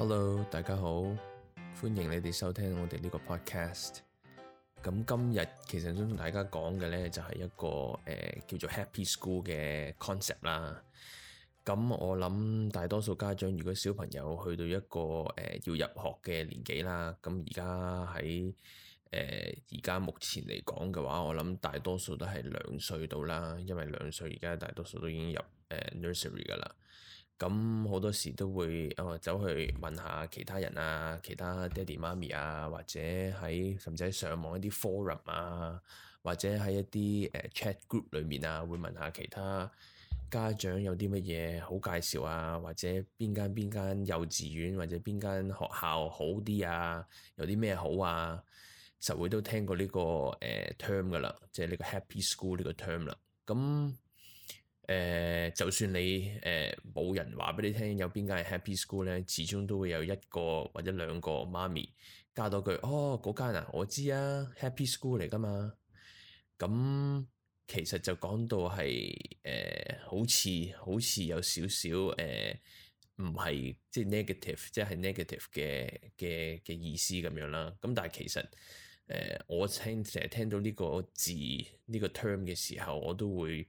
Hello，大家好，歡迎你哋收聽我哋呢個 podcast。咁今日其實想同大家講嘅呢，就係一個誒叫做 Happy School 嘅 concept 啦。咁我諗大多數家長如果小朋友去到一個誒要入學嘅年紀啦，咁而家喺誒而家目前嚟講嘅話，我諗大多數都係兩歲到啦，因為兩歲而家大多數都已經入誒 nursery 噶啦。咁好多時都會哦，走去問下其他人啊，其他爹哋媽咪啊，或者喺甚至上網一啲 forum 啊，或者喺一啲誒 chat group 裏面啊，會問下其他家長有啲乜嘢好介紹啊，或者邊間邊間幼稚園或者邊間學校好啲啊，有啲咩好啊，實會都聽過呢個誒 term 㗎啦，即係呢個 Happy School 呢個 term 啦，咁。誒、呃，就算你誒冇、呃、人話俾你聽，有邊間係 Happy School 咧，始終都會有一個或者兩個媽咪加多句哦，嗰間啊，我知啊，Happy School 嚟噶嘛。咁、嗯、其實就講到係誒、呃，好似好似有少少誒，唔、呃、係即係、就是、negative，即係 negative 嘅嘅嘅意思咁樣啦。咁、嗯、但係其實誒、呃，我聽成日聽到呢個字呢、這個 term 嘅時候，我都會。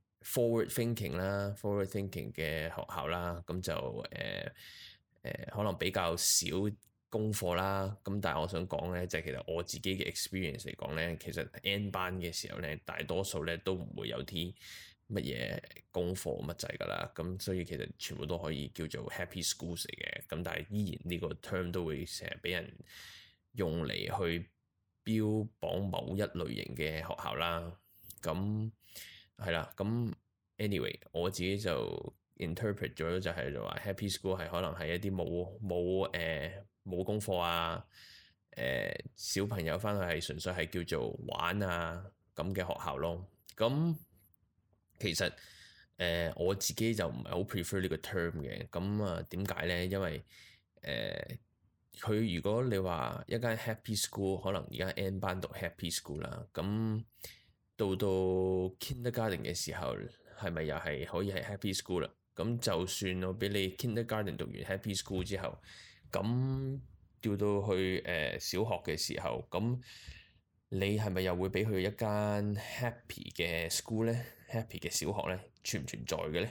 forward thinking 啦，forward thinking 嘅學校啦，咁就誒誒、呃呃、可能比較少功課啦，咁但係我想講咧，就係、其實我自己嘅 experience 嚟講咧，其實 N 班嘅時候咧，大多數咧都唔會有啲乜嘢功課乜滯㗎啦，咁所以其實全部都可以叫做 happy schools 嚟嘅，咁但係依然呢個 term 都會成日俾人用嚟去標榜某一類型嘅學校啦，咁。係啦，咁 anyway 我自己就 interpret 咗就係就話 happy school 係可能係一啲冇冇誒冇功課啊，誒、欸、小朋友返去係純粹係叫做玩啊咁嘅學校咯。咁、嗯、其實誒、欸、我自己就唔係好 prefer 呢個 term 嘅。咁啊點解呢？因為誒佢、欸、如果你話一間 happy school，可能而家 N 班讀 happy school 啦，咁、嗯。到到 kindergarten 嘅時候，係咪又係可以係 happy school 啦？咁就算我俾你 kindergarten 讀完 happy school 之後，咁調到去誒、呃、小學嘅時候，咁你係咪又會俾佢一間 happy 嘅 school 咧？happy 嘅小學呢？存唔存在嘅呢？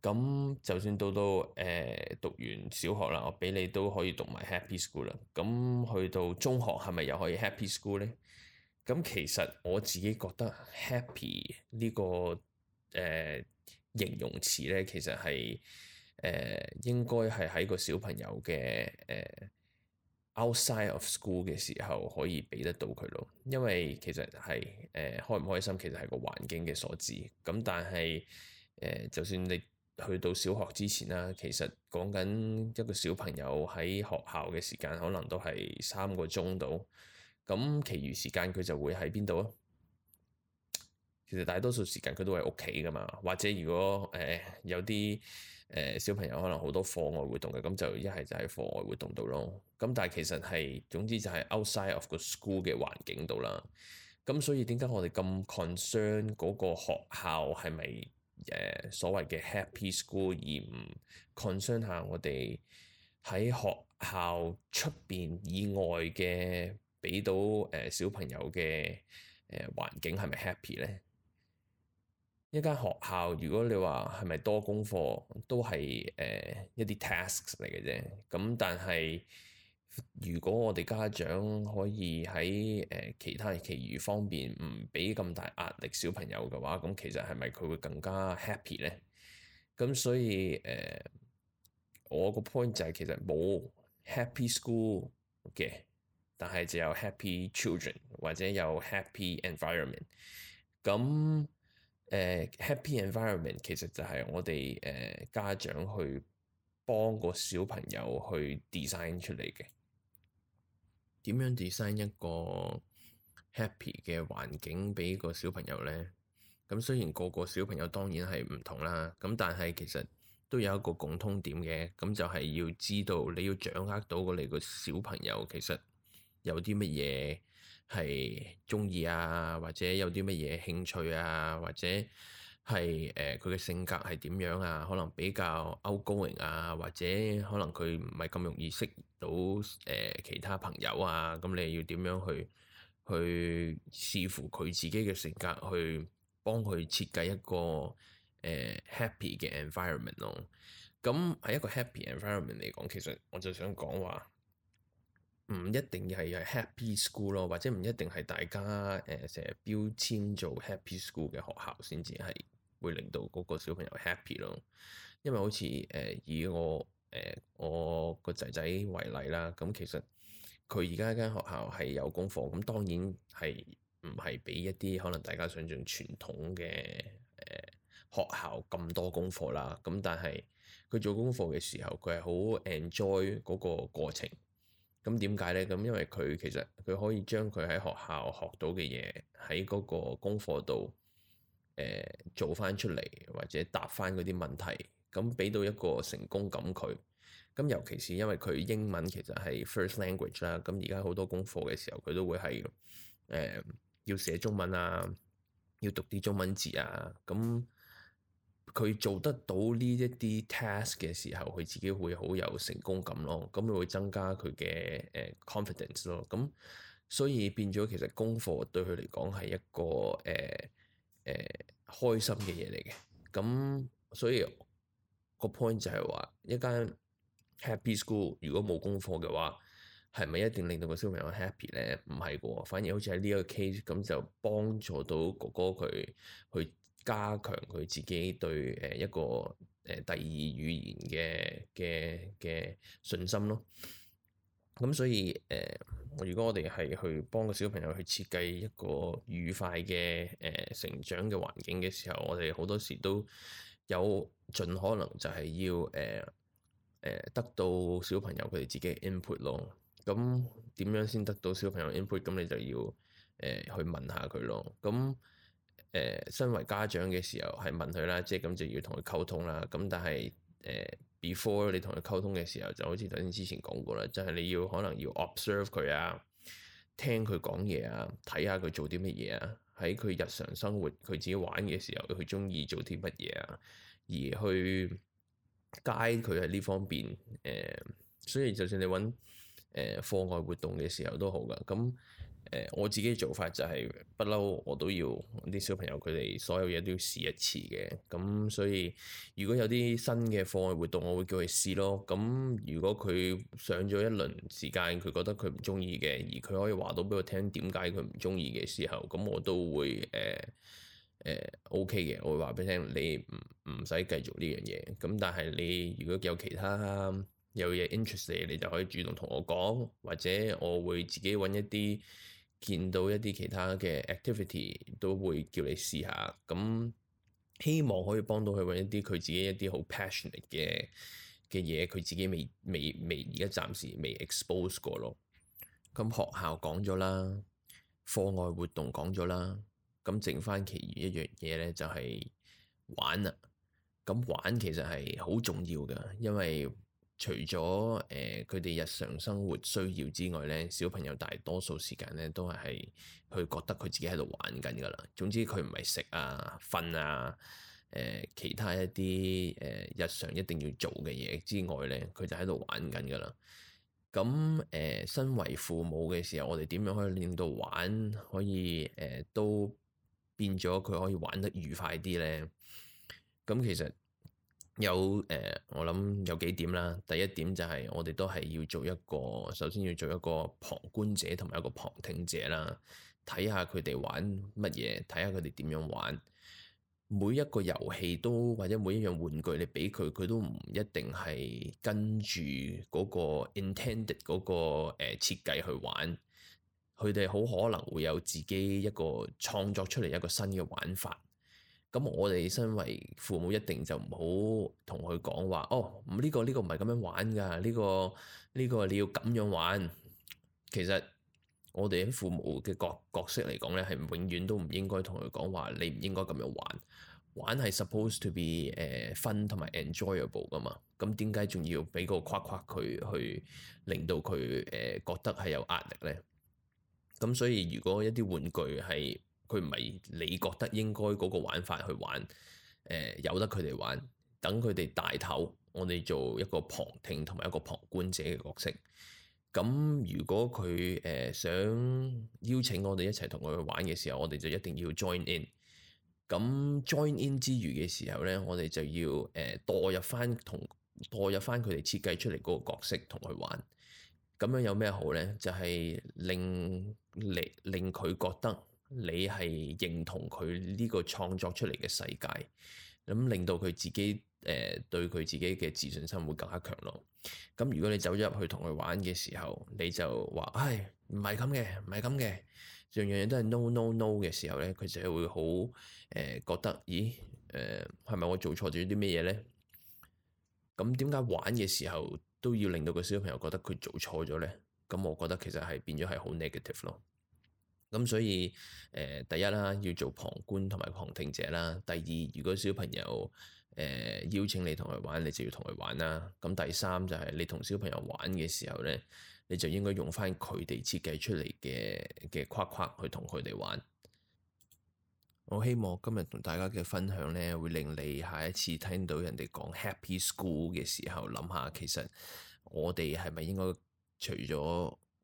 咁就算到到誒、呃、讀完小學啦，我俾你都可以讀埋 happy school 啦。咁去到中學係咪又可以 happy school 呢？咁其實我自己覺得 happy 呢、呢個誒、uh, 形容詞咧，其實係誒、uh, 應該係喺個小朋友嘅誒、uh, outside of school 嘅時候可以俾得到佢咯，因為其實係誒、uh, 開唔開心其實係個環境嘅所致。咁但係誒，uh, 就算你去到小學之前啦，其實講緊一個小朋友喺學校嘅時間，可能都係三個鐘度。咁，其餘時間佢就會喺邊度咯？其實大多數時間佢都喺屋企噶嘛，或者如果誒、呃、有啲誒、呃、小朋友可能好多課外活動嘅，咁就一係就喺課外活動度咯。咁但係其實係總之就係 outside of 個 school 嘅環境度啦。咁所以點解我哋咁 concern 嗰個學校係咪誒所謂嘅 happy school，而唔 concern 下我哋喺學校出邊以外嘅？俾到誒、呃、小朋友嘅誒環境係咪 happy 咧？一間學校如果你話係咪多功課都係誒、呃、一啲 tasks 嚟嘅啫。咁但係如果我哋家長可以喺誒、呃、其他其餘方面唔俾咁大壓力小朋友嘅話，咁其實係咪佢會更加 happy 咧？咁所以誒、呃、我個 point 就係、係、其實冇 happy school 嘅。但係就有 happy children 或者有 happy environment。咁誒、呃、happy environment 其實就係我哋誒、呃、家長去幫個小朋友去 design 出嚟嘅。點樣 design 一個 happy 嘅環境俾個小朋友呢？咁雖然個個小朋友當然係唔同啦，咁但係其實都有一個共通點嘅，咁就係要知道你要掌握到你個小朋友其實，有啲乜嘢係中意啊，或者有啲乜嘢興趣啊，或者係誒佢嘅性格係點樣啊？可能比較 outgoing 啊，或者可能佢唔係咁容易識到誒、呃、其他朋友啊。咁你要點樣去去視乎佢自己嘅性格去幫佢設計一個誒、呃、happy 嘅 environment 咯。咁、嗯、喺一個 happy environment 嚟講，其實我就想講話。唔一定係 happy school 咯，或者唔一定係大家誒成日、呃、標籤做 happy school 嘅學校先至係會令到嗰個小朋友 happy 咯。因為好似誒、呃、以我誒、呃、我個仔仔為例啦，咁、嗯、其實佢而家間學校係有功課，咁、嗯、當然係唔係俾一啲可能大家想象傳統嘅誒、呃、學校咁多功課啦。咁、嗯、但係佢做功課嘅時候，佢係好 enjoy 嗰個過程。咁點解咧？咁因為佢其實佢可以將佢喺學校學到嘅嘢喺嗰個功課度誒做翻出嚟，或者答翻嗰啲問題，咁俾到一個成功感佢。咁尤其是因為佢英文其實係 first language 啦，咁而家好多功課嘅時候佢都會係誒、呃、要寫中文啊，要讀啲中文字啊，咁、嗯。佢做得到呢一啲 task 嘅時候，佢自己會好有成功感咯，咁佢會增加佢嘅誒 confidence 咯。咁所以變咗，其實功課對佢嚟講，係一個誒誒、呃呃、開心嘅嘢嚟嘅。咁所以、那個 point 就係話一間 happy school 如果冇功課嘅話，係咪一定令到個小朋友 happy 咧？唔係喎，反而好似喺呢一個 case 咁，就幫助到哥哥佢去。加強佢自己對誒一個誒第二語言嘅嘅嘅信心咯。咁所以誒、呃，如果我哋係去幫個小朋友去設計一個愉快嘅誒、呃、成長嘅環境嘅時候，我哋好多時都有盡可能就係要誒誒、呃呃、得到小朋友佢哋自己嘅 input 咯。咁點樣先得到小朋友嘅 input？咁你就要誒、呃、去問下佢咯。咁誒，身為家長嘅時候係問佢啦，即係咁就是、要同佢溝通啦。咁但係誒、呃、before 你同佢溝通嘅時候，就好似頭先之前講過啦，就係、是、你要可能要 observe 佢啊，聽佢講嘢啊，睇下佢做啲乜嘢啊，喺佢日常生活佢自己玩嘅時候，佢鍾意做啲乜嘢啊，而去 guide 佢喺呢方面誒、呃，所以就算你揾、呃、課外活動嘅時候都好㗎，咁。我自己嘅做法就係不嬲，我都要啲小朋友佢哋所有嘢都要試一次嘅。咁所以如果有啲新嘅課外活動，我會叫佢試咯。咁如果佢上咗一輪時間，佢覺得佢唔中意嘅，而佢可以話到俾我聽點解佢唔中意嘅時候，咁我都會誒 OK 嘅，我會話俾你聽你唔唔使繼續呢樣嘢。咁但係你如果有其他有嘢 interest 你就可以主動同我講，或者我會自己揾一啲。見到一啲其他嘅 activity 都會叫你試下，咁希望可以幫到佢搵一啲佢自己一啲好 passionate 嘅嘅嘢，佢自己未未未而家暫時未 expose 過咯。咁學校講咗啦，課外活動講咗啦，咁剩翻其餘一樣嘢咧就係、是、玩啊！咁玩其實係好重要㗎，因為除咗誒佢哋日常生活需要之外咧，小朋友大多數時間咧都係係佢覺得佢自己喺度玩緊噶啦。總之佢唔係食啊、瞓啊、誒、呃、其他一啲誒、呃、日常一定要做嘅嘢之外咧，佢就喺度玩緊噶啦。咁誒、呃，身為父母嘅時候，我哋點樣可以令到玩可以誒、呃、都變咗佢可以玩得愉快啲咧？咁其實有誒、呃，我諗有幾點啦。第一點就係我哋都係要做一個，首先要做一個旁觀者同埋一個旁聽者啦，睇下佢哋玩乜嘢，睇下佢哋點樣玩。每一個遊戲都或者每一樣玩具你，你俾佢，佢都唔一定係跟住嗰個 intended 嗰、嗰個誒設計去玩。佢哋好可能會有自己一個創作出嚟一個新嘅玩法。咁我哋身為父母一定就唔好同佢講話，哦，唔、這、呢個呢、這個唔係咁樣玩㗎，呢、這個呢、這個你要咁樣玩。其實我哋喺父母嘅角角色嚟講咧，係永遠都唔應該同佢講話，你唔應該咁樣玩。玩係 supposed to be 誒、呃、fun 同埋 enjoyable 㗎嘛。咁點解仲要俾個框、呃、框、呃、佢去令到佢誒、呃、覺得係有壓力咧？咁所以如果一啲玩具係，佢唔係你覺得應該嗰個玩法去玩，誒、呃、由得佢哋玩，等佢哋大頭，我哋做一個旁聽同埋一個旁觀者嘅角色。咁如果佢誒、呃、想邀請我哋一齊同佢去玩嘅時候，我哋就一定要 join in。咁 join in 之餘嘅時候咧，我哋就要誒代、呃、入翻同代入翻佢哋設計出嚟嗰個角色同佢玩。咁樣有咩好咧？就係、是、令令令佢覺得。你係認同佢呢個創作出嚟嘅世界，咁令到佢自己誒、呃、對佢自己嘅自信心會更加強咯。咁如果你走咗入去同佢玩嘅時候，你就話：唉，唔係咁嘅，唔係咁嘅，樣樣嘢都係 no no no 嘅時候咧，佢就會好誒、呃、覺得，咦誒，係、呃、咪我做錯咗啲咩嘢咧？咁點解玩嘅時候都要令到個小朋友覺得佢做錯咗咧？咁我覺得其實係變咗係好 negative 咯。咁所以，誒、呃、第一啦，要做旁觀同埋旁聽者啦。第二，如果小朋友誒、呃、邀請你同佢玩，你就要同佢玩啦。咁第三就係、是、你同小朋友玩嘅時候咧，你就應該用返佢哋設計出嚟嘅嘅框框去同佢哋玩。我希望今日同大家嘅分享咧，會令你下一次聽到人哋講 Happy School 嘅時候，諗下其實我哋係咪應該除咗～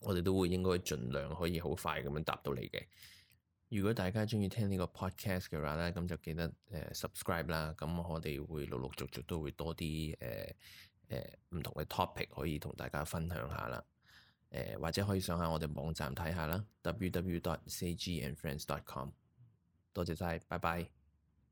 我哋都會應該盡量可以好快咁樣答到你嘅。如果大家鍾意聽呢個 podcast 嘅話呢，咁就記得誒、呃、subscribe 啦。咁我哋會陸陸續續都會多啲誒、誒、唔同嘅 topic 可以同大家分享下啦。誒、呃、或者可以上下我哋網站睇下啦，www.cgandfriends.com dot。多謝晒，拜拜。